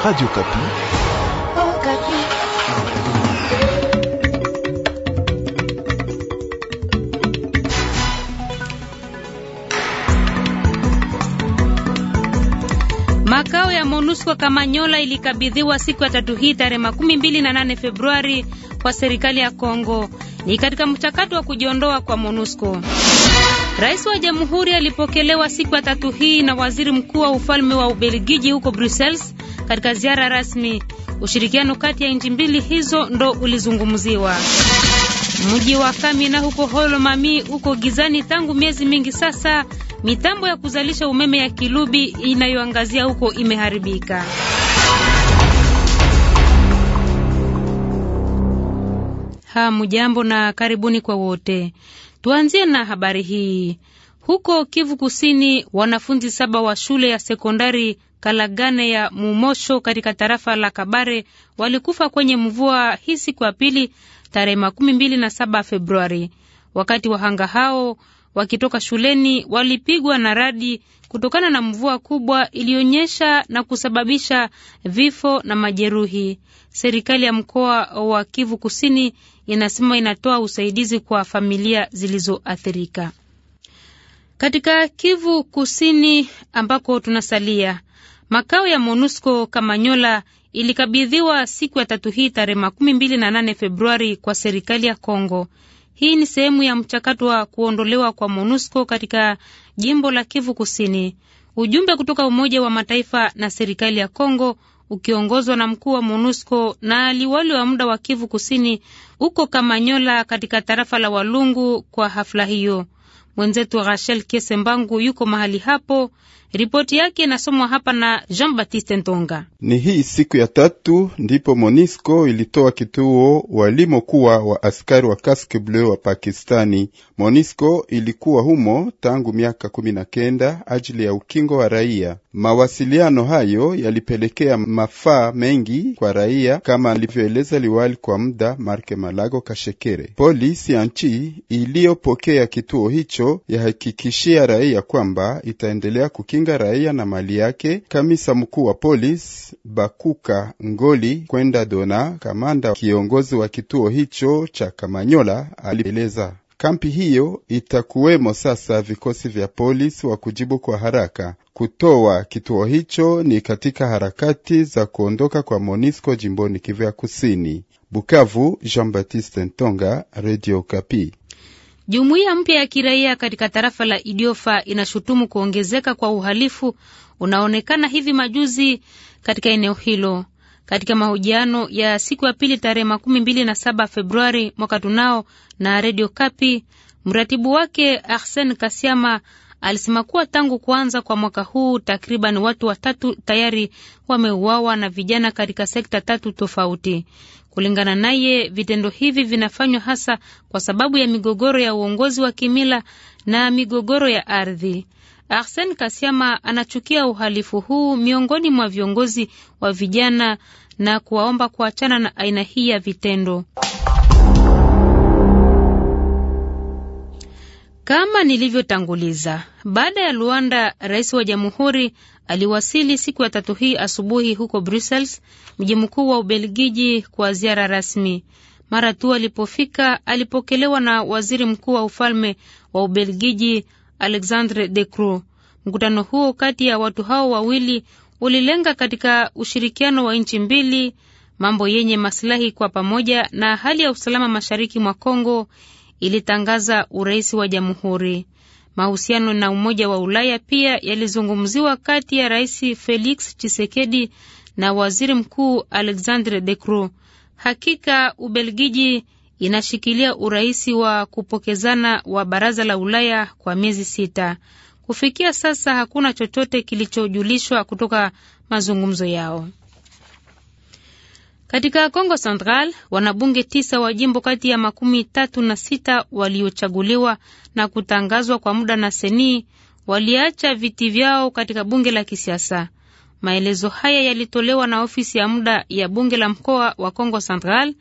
Radio Kapi. Oh, Kapi. Makao ya MONUSCO Kamanyola ilikabidhiwa siku ya tatu hii tarehe makumi mbili na nane Februari kwa serikali ya Kongo. Ni katika mchakato wa kujiondoa kwa MONUSCO. Rais wa Jamhuri alipokelewa siku ya tatu hii na Waziri Mkuu wa Ufalme wa Ubelgiji huko Brussels katika ziara rasmi. Ushirikiano kati ya nchi mbili hizo ndo ulizungumziwa. Mji wa Kamina huko Holomami uko gizani tangu miezi mingi sasa. Mitambo ya kuzalisha umeme ya Kilubi inayoangazia huko imeharibika. Hamujambo na karibuni kwa wote. Tuanzie na habari hii. Huko Kivu Kusini, wanafunzi saba wa shule ya sekondari Kalagane ya Mumosho katika tarafa la Kabare walikufa kwenye mvua hii siku ya pili tarehe makumi mbili na saba Februari. Wakati wahanga hao wakitoka shuleni walipigwa na radi kutokana na mvua kubwa iliyonyesha na kusababisha vifo na majeruhi. Serikali ya mkoa wa Kivu Kusini inasema inatoa usaidizi kwa familia zilizoathirika. Katika Kivu Kusini ambako tunasalia, makao ya MONUSCO Kamanyola ilikabidhiwa siku ya tatu hii tarehe makumi mbili na nane Februari kwa serikali ya Kongo. Hii ni sehemu ya mchakato wa kuondolewa kwa MONUSCO katika jimbo la Kivu Kusini. Ujumbe kutoka Umoja wa Mataifa na serikali ya Kongo ukiongozwa na mkuu wa MONUSCO na liwali wa muda wa Kivu Kusini uko Kamanyola katika tarafa la Walungu kwa hafla hiyo. Mwenzetu Rachel Kesembangu yuko mahali hapo Ripoti yake inasomwa hapa na Jean Baptiste Ntonga. Ni hii siku ya tatu ndipo Monisco ilitoa kituo walimokuwa wa askari wa Casque Bleu wa Pakistani. Monisco ilikuwa humo tangu miaka kumi na kenda ajili ya ukingo wa raia. Mawasiliano hayo yalipelekea mafaa mengi kwa raia, kama alivyoeleza liwali kwa muda Marke Malago Kashekere. Polisi ya nchi iliyopokea kituo hicho yahakikishia raia kwamba itaendelea kuki kupinga raia na mali yake. Kamisa mkuu wa polisi Bakuka Ngoli kwenda Dona, kamanda kiongozi wa kituo hicho cha Kamanyola, alieleza kampi hiyo itakuwemo sasa vikosi vya polisi wa kujibu kwa haraka kutoa kituo hicho ni katika harakati za kuondoka kwa Monisco jimboni Kivu ya Kusini. Bukavu, Jean Baptiste Ntonga, Radio Kapi. Jumuiya mpya ya kiraia katika tarafa la Idiofa inashutumu kuongezeka kwa uhalifu unaonekana hivi majuzi katika eneo hilo. Katika mahojiano ya siku ya pili tarehe makumi mbili na saba Februari mwaka tunao na redio Kapi, mratibu wake Arsen Kasiama alisema kuwa tangu kuanza kwa mwaka huu takriban watu watatu tayari wameuawa na vijana katika sekta tatu tofauti. Kulingana naye, vitendo hivi vinafanywa hasa kwa sababu ya migogoro ya uongozi wa kimila na migogoro ya ardhi. Arsen Kasiama anachukia uhalifu huu miongoni mwa viongozi wa vijana na kuwaomba kuachana na aina hii ya vitendo. Kama nilivyotanguliza, baada ya Luanda, rais wa jamhuri aliwasili siku ya tatu hii asubuhi huko Brussels, mji mkuu wa Ubelgiji, kwa ziara rasmi. Mara tu alipofika, alipokelewa na waziri mkuu wa ufalme wa Ubelgiji, Alexandre De Croo. Mkutano huo kati ya watu hao wawili ulilenga katika ushirikiano wa nchi mbili, mambo yenye masilahi kwa pamoja, na hali ya usalama mashariki mwa Kongo ilitangaza urais wa jamhuri. Mahusiano na Umoja wa Ulaya pia yalizungumziwa kati ya Rais Felix Tshisekedi na Waziri Mkuu Alexandre De Croo. Hakika Ubelgiji inashikilia urais wa kupokezana wa Baraza la Ulaya kwa miezi sita. Kufikia sasa hakuna chochote kilichojulishwa kutoka mazungumzo yao. Katika Kongo Central wanabunge tisa wa jimbo kati ya makumi tatu na sita waliochaguliwa na kutangazwa kwa muda na seni waliacha viti vyao katika bunge la kisiasa. Maelezo haya yalitolewa na ofisi ya muda ya bunge la mkoa wa Kongo Central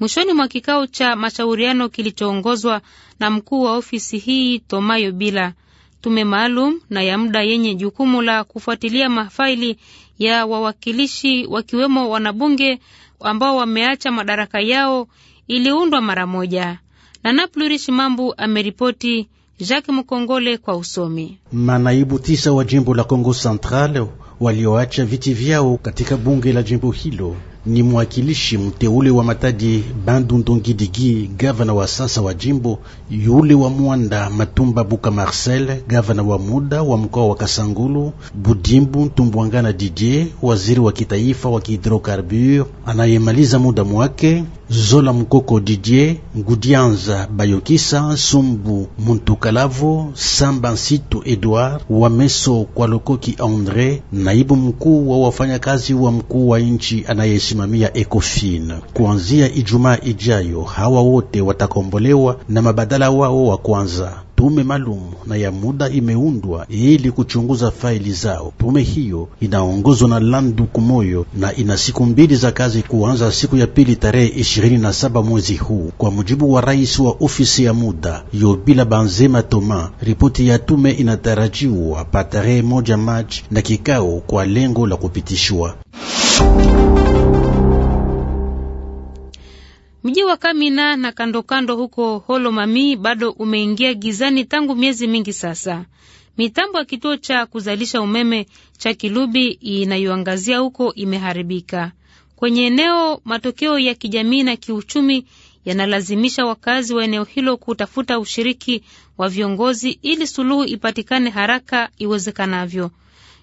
mwishoni mwa kikao cha mashauriano kilichoongozwa na mkuu wa ofisi hii Tomayo Bila. Tume maalum na ya muda yenye jukumu la kufuatilia mafaili ya wawakilishi wakiwemo wanabunge ambao wameacha madaraka yao iliundwa mara moja. Na Naplurish Mambu ameripoti. Jacques Mukongole kwa usomi. Manaibu tisa wa jimbo la congo Central walioacha viti vyao katika bunge la jimbo hilo ni mwakilishi mteule wa Matadi Bandu Ndongidigi, gavana wa sasa wa jimbo, yule wa Mwanda Matumba Buka Marcel, gavana wa muda wa mkoa wa Kasangulu, Budimbu Ntumbwangana Didier, waziri wa kitaifa wa kihidrokarbure anayemaliza muda mwake, Zola Mkoko, Didier Ngudianza, Bayokisa Sumbu, Muntukalavo Samba, Nsitu Edouard Wameso, Kwalokoki Andre, naibu mkuu wa wafanyakazi wa mkuu wa nchi anayesimamia Ecofin. Kuanzia Ijumaa ijayo hawa wote watakombolewa na mabadala wao wa kwanza tume maalum na ya muda imeundwa ili kuchunguza faili zao. Tume hiyo inaongozwa na Landu Kumoyo na ina siku mbili za kazi kuanza siku ya pili tarehe 27 mwezi huu, kwa mujibu wa rais wa ofisi ya muda Yobila Banzema Toma. Ripoti ya tume inatarajiwa pa tarehe moja Machi na kikao kwa lengo la kupitishwa Mji wa Kamina na kandokando kando huko mami bado umeingia gizani tangu miezi mingi sasa. Mitambo ya kituo cha kuzalisha umeme cha Kilubi inayoangazia huko imeharibika. Kwenye eneo, matokeo ya kijamii na kiuchumi yanalazimisha wakazi wa eneo hilo kutafuta ushiriki wa viongozi ili suluhu ipatikane haraka iwezekanavyo.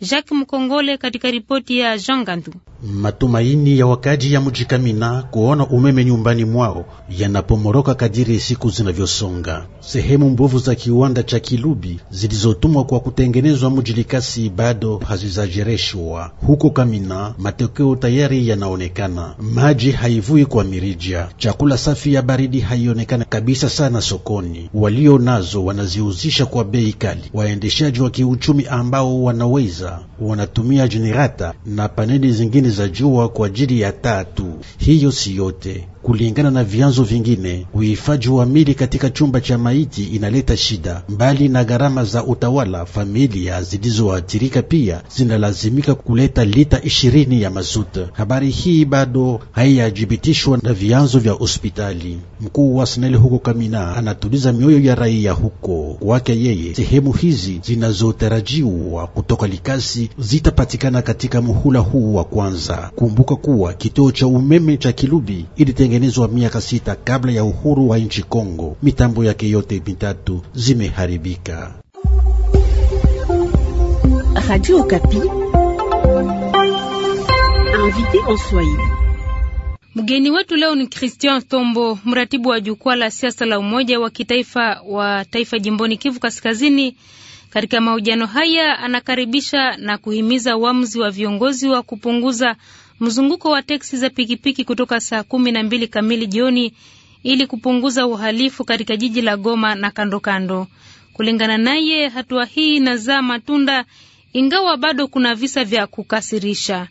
Jacques Mkongole katika ripoti ya Jean Gandu. Matumaini ya wakaji ya Mujikamina kuona umeme nyumbani mwao yanapomoroka kadiri siku zinavyosonga. Sehemu mbovu za kiwanda cha Kilubi zilizotumwa kwa kutengenezwa Mujilikasi bado hazizajereshwa. Huko Kamina matokeo tayari yanaonekana, maji haivui kwa mirija, chakula safi ya baridi haionekana kabisa sana sokoni. Walio nazo wanaziuzisha kwa bei kali, waendeshaji wa kiuchumi ambao wanaweza kwanza wanatumia jenereta na paneli zingine za jua kwa ajili ya tatu. Hiyo si yote Kulingana na vyanzo vingine, uhifadhi wa mili katika chumba cha maiti inaleta shida. Mbali na gharama za utawala, familia zilizoathirika pia zinalazimika kuleta lita ishirini ya mazuta. Habari hii bado haijadhibitishwa na vyanzo vya hospitali. Mkuu wa SNEL huko Kamina anatuliza mioyo ya raia huko kwake. Yeye sehemu hizi zinazotarajiwa kutoka Likasi zitapatikana katika muhula huu wa kwanza. Kumbuka kuwa kituo cha umeme cha Kilubi ilite ulitengenezwa miaka sita kabla ya uhuru wa nchi Kongo. Mitambo yake yote mitatu zimeharibika. Mgeni wetu leo ni Christian Tombo, mratibu wa jukwaa la siasa la umoja wa kitaifa wa taifa jimboni Kivu Kaskazini. Katika mahojiano haya, anakaribisha na kuhimiza uamuzi wa viongozi wa kupunguza mzunguko wa teksi za pikipiki kutoka saa kumi na mbili kamili jioni ili kupunguza uhalifu katika jiji la Goma na kandokando kando. Kulingana naye, hatua hii inazaa matunda ingawa bado kuna visa vya kukasirisha.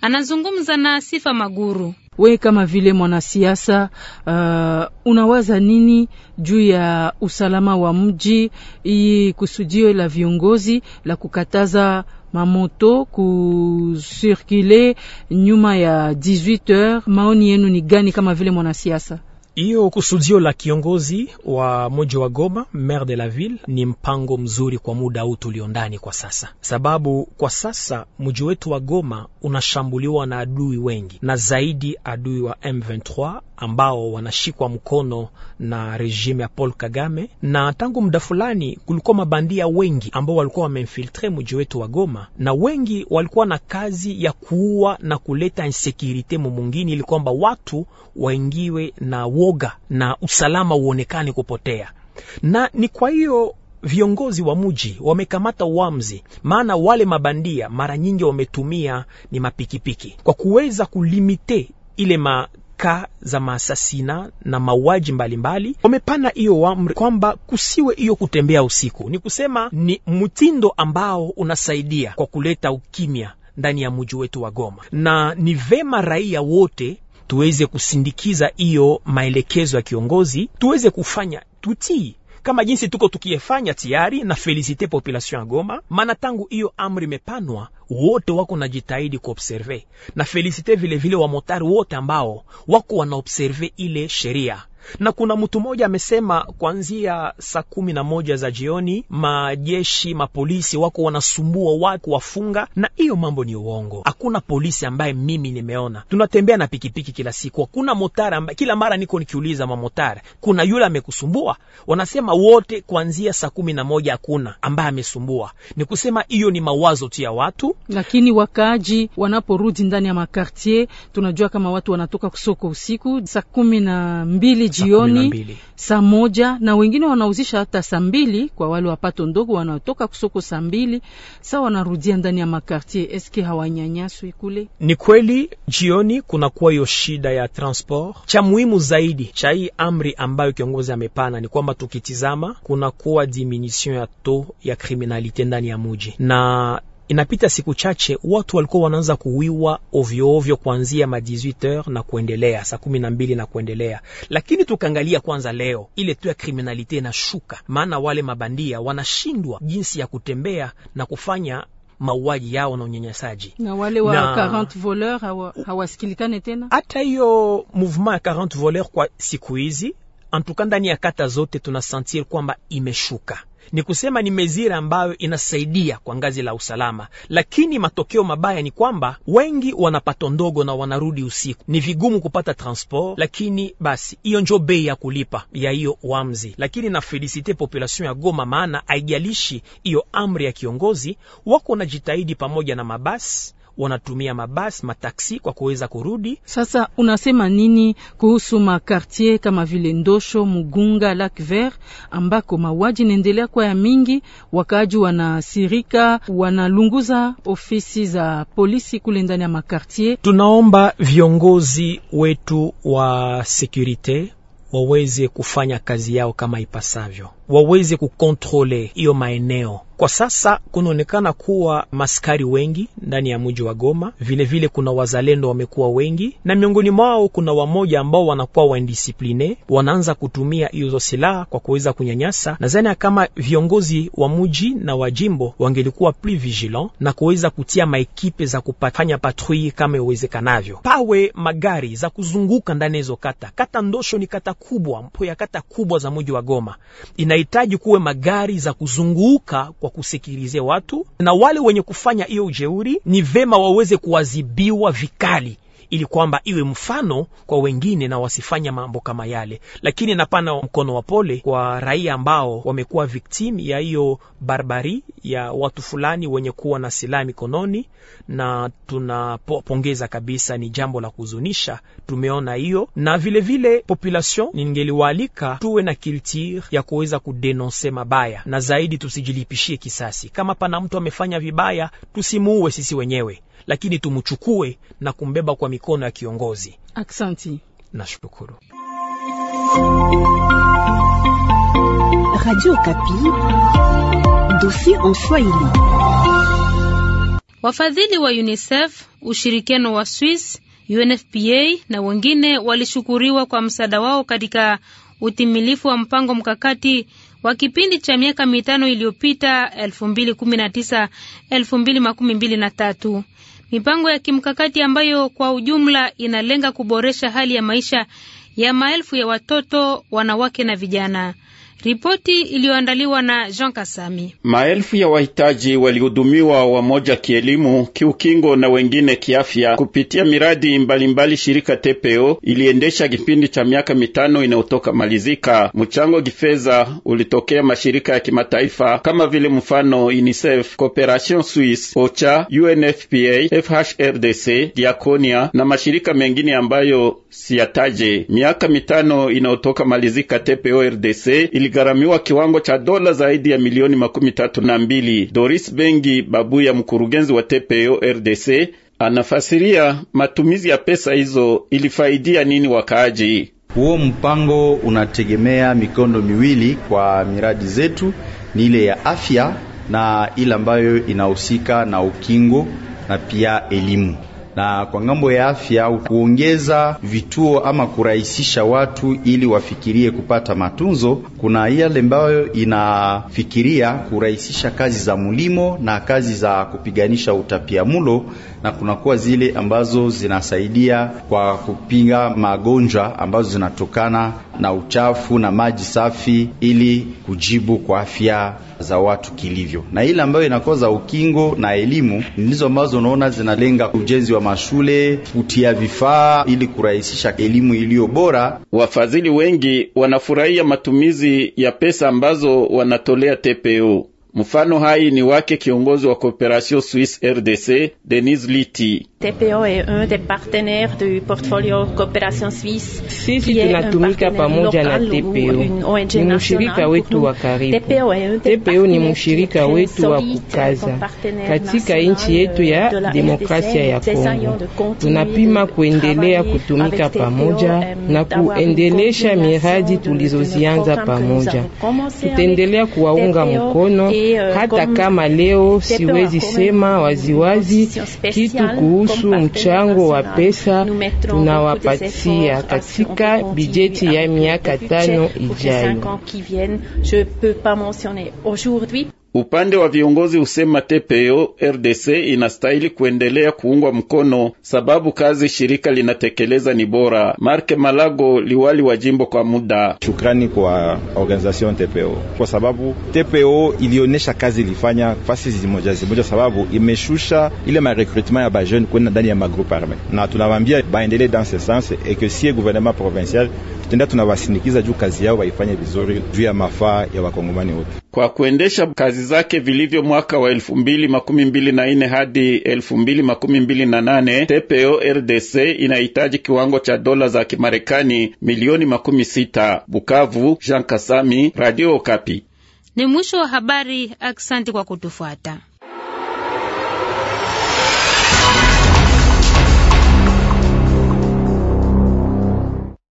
Anazungumza na Sifa Maguru we kama vile mwanasiasa uh, unawaza nini juu ya usalama wa mji, hii kusudio la viongozi la kukataza mamoto kusirkule nyuma ya 18 heures? Maoni yenu ni gani kama vile mwanasiasa? Hiyo kusudio la kiongozi wa mji wa Goma, maire de la ville, ni mpango mzuri kwa muda huu tulio ndani kwa sasa, sababu kwa sasa mji wetu wa Goma unashambuliwa na adui wengi, na zaidi adui wa M23 ambao wanashikwa mkono na regime ya Paul Kagame, na tangu muda fulani kulikuwa mabandia wengi ambao walikuwa wameinfiltre mji wetu wa Goma, na wengi walikuwa na kazi ya kuua na kuleta insekirite mumungini, ili kwamba watu waingiwe na woga na usalama uonekane kupotea, na ni kwa hiyo viongozi wa mji wamekamata uamzi, maana wale mabandia mara nyingi wametumia ni mapikipiki kwa kuweza kulimite ile ma ka za maasasina na mauaji mbalimbali, wamepana hiyo amri kwamba kusiwe hiyo kutembea usiku. Ni kusema ni mtindo ambao unasaidia kwa kuleta ukimya ndani ya mji wetu wa Goma, na ni vema raia wote tuweze kusindikiza hiyo maelekezo ya kiongozi, tuweze kufanya tutii kama jinsi tuko tukiyefanya tayari na felisite population ya Goma, maana tangu hiyo amri imepanwa wote wako najitahidi kuobserve, na felisite vilevile wamotari wote ambao wako wanaobserve ile sheria na kuna mtu mmoja amesema kuanzia saa kumi na moja za jioni majeshi mapolisi wako wanasumbua watu wafunga, na hiyo mambo ni uongo. Hakuna polisi ambaye mimi nimeona, tunatembea na pikipiki kila siku, hakuna motara ambaye, kila mara niko nikiuliza mamotara, kuna yule amekusumbua? Wanasema wote kuanzia saa kumi na moja hakuna ambaye amesumbua. Ni kusema hiyo ni mawazo tu ya watu, lakini wakaaji wanaporudi ndani ya makartier, tunajua kama watu wanatoka soko usiku saa kumi na mbili jioni saa moja na wengine wanauzisha hata saa mbili kwa wale wapato ndogo wanaotoka kusoko saa mbili saa wanarudia ndani ya makartier. Eske hawanyanyaswi kule? Ni kweli jioni kunakuwa hiyo shida ya transport. Cha muhimu zaidi cha hii amri ambayo kiongozi amepana ni kwamba tukitizama kunakuwa diminution ya to ya kriminalite ndani ya muji na Inapita siku chache, watu walikuwa wanaanza kuwiwa ovyo ovyo kuanzia ma 18h na kuendelea, saa 12 na kuendelea. Lakini tukaangalia kwanza leo ile tu ya kriminalite inashuka, maana wale mabandia wanashindwa jinsi ya kutembea na kufanya mauaji yao na unyanyasaji na wale wa na, 40 voleurs hawasikilikane tena. Hata hiyo movement ya 40 voleurs kwa siku hizi antuka ndani ya kata zote tunasentir kwamba imeshuka ni kusema ni mezira ambayo inasaidia kwa ngazi la usalama, lakini matokeo mabaya ni kwamba wengi wanapato ndogo na wanarudi usiku, ni vigumu kupata transport. Lakini basi hiyo njo bei ya kulipa ya hiyo wamzi, lakini na felisite population ya Goma, maana haijalishi hiyo amri ya kiongozi wako na pamoja na mabasi wanatumia mabasi, mataksi kwa kuweza kurudi. Sasa unasema nini kuhusu makartier kama vile Ndosho, Mugunga, Lac Vert ambako mauaji inaendelea kwa ya mingi? Wakaaji wanasirika, wanalunguza ofisi za polisi kule ndani ya makartier. Tunaomba viongozi wetu wa sekurite waweze kufanya kazi yao kama ipasavyo waweze kukontrole hiyo maeneo. Kwa sasa kunaonekana kuwa maskari wengi ndani ya mji wa Goma, vilevile vile kuna wazalendo wamekuwa wengi, na miongoni mwao kuna wamoja ambao wanakuwa waindisipline, wanaanza kutumia hizo silaha kwa kuweza kunyanyasa. Nadhani kama viongozi wa mji na wa jimbo wangelikuwa plus vigilant na kuweza kutia maekipe za kufanya patrui kama iwezekanavyo, pawe magari za kuzunguka ndani hizo kata. Kata Ndosho ni kata kubwa mpo ya kata kubwa za mji wa Goma Ina inahitaji kuwe magari za kuzunguka kwa kusikilizia watu, na wale wenye kufanya hiyo ujeuri ni vema waweze kuadhibiwa vikali ili kwamba iwe mfano kwa wengine na wasifanya mambo kama yale. Lakini napana mkono wa pole kwa raia ambao wamekuwa viktimu ya hiyo barbari ya watu fulani wenye kuwa na silaha mikononi, na tunapongeza kabisa, ni jambo la kuhuzunisha, tumeona hiyo. Na vilevile vile population, ningeliwaalika tuwe na culture ya kuweza kudenonse mabaya, na zaidi tusijilipishie kisasi. Kama pana mtu amefanya vibaya, tusimuue sisi wenyewe lakini tumchukue na kumbeba kwa mikono ya kiongozi. Aksanti, nashukuru. Radio Kapi, dosi en Swahili. Wafadhili wa UNICEF, ushirikiano wa Swiss, UNFPA na wengine walishukuriwa kwa msaada wao katika utimilifu wa mpango mkakati wa kipindi cha miaka mitano iliyopita 2019 2023. Mipango ya kimkakati ambayo kwa ujumla inalenga kuboresha hali ya maisha ya maelfu ya watoto, wanawake na vijana. Ripoti iliyoandaliwa na Jean Kasami. Maelfu ya wahitaji walihudumiwa wamoja kielimu, kiukingo na wengine kiafya kupitia miradi mbalimbali mbali. Shirika TPO iliendesha kipindi cha miaka mitano inayotoka malizika. Mchango kifedha ulitokea mashirika ya kimataifa kama vile mfano UNICEF, Cooperation Suisse, OCHA, UNFPA, FHRDC, Diakonia na mashirika mengine ambayo siyataje. Miaka mitano inayotoka malizika TPO RDC ili iligharamiwa kiwango cha dola zaidi ya milioni makumi tatu na mbili. Doris Bengi babu ya mkurugenzi wa TPO RDC anafasiria matumizi ya pesa hizo ilifaidia nini wakaaji. Huo mpango unategemea mikondo miwili kwa miradi zetu, ni ile ya afya na ile ambayo inahusika na ukingo na pia elimu na kwa ngambo ya afya kuongeza vituo ama kurahisisha watu ili wafikirie kupata matunzo. Kuna yale ambayo inafikiria kurahisisha kazi za mlimo na kazi za kupiganisha utapia mulo na kunakuwa zile ambazo zinasaidia kwa kupinga magonjwa ambazo zinatokana na uchafu na maji safi, ili kujibu kwa afya za watu kilivyo. Na ile ambayo inakoza ukingo na elimu ndizo ambazo unaona zinalenga ujenzi wa mashule, kutia vifaa ili kurahisisha elimu iliyo bora. Wafadhili wengi wanafurahia matumizi ya pesa ambazo wanatolea TPO. Mfano hai ni wake kiongozi wa Cooperation Swiss RDC Denis Liti. TPO est un des partenaires du portfolio Coopération Suisse. Si, Sisi tunatumika pamoja na TPO, ni mshirika wetu wa karibu. TPO est partenaires ni mshirika wetu wa kukaza katika nchi yetu ya euh, demokrasia ya Kongo. Tunapima kuendelea kutumika pamoja euh, na kuendelesha miradi tulizozianza pamoja. Tutaendelea kuwaunga mkono, euh, hata kama leo siwezi sema waziwazi kitu kuhusu kuhusu mchango wa pesa tunawapatia katika ne ya miaka tano ijayo. Upande wa viongozi usema TPO RDC inastahili kuendelea kuungwa mkono, sababu kazi shirika linatekeleza ni bora. Marke Malago, liwali wa jimbo kwa muda: shukrani kwa organization TPO kwa sababu TPO ilionesha kazi ilifanya fasi zimoja zimoja, sababu imeshusha ile marecrutement ya bajeune kwenda ndani ya magroupe arme, na tunawambia baendele dans ce sens et que si gouvernement provincial tunawasindikiza juu kazi yao waifanye vizuri juu ya mafaa ya wakongomani wote kwa kuendesha kazi zake vilivyo mwaka wa elfu mbili makumi mbili na nne hadi elfu mbili makumi mbili na nane TPO RDC inahitaji kiwango cha dola za Kimarekani milioni makumi sita. Bukavu, Jean Kasami, Radio Kapi. Ni mwisho wa habari. aksanti kwa kutufuata.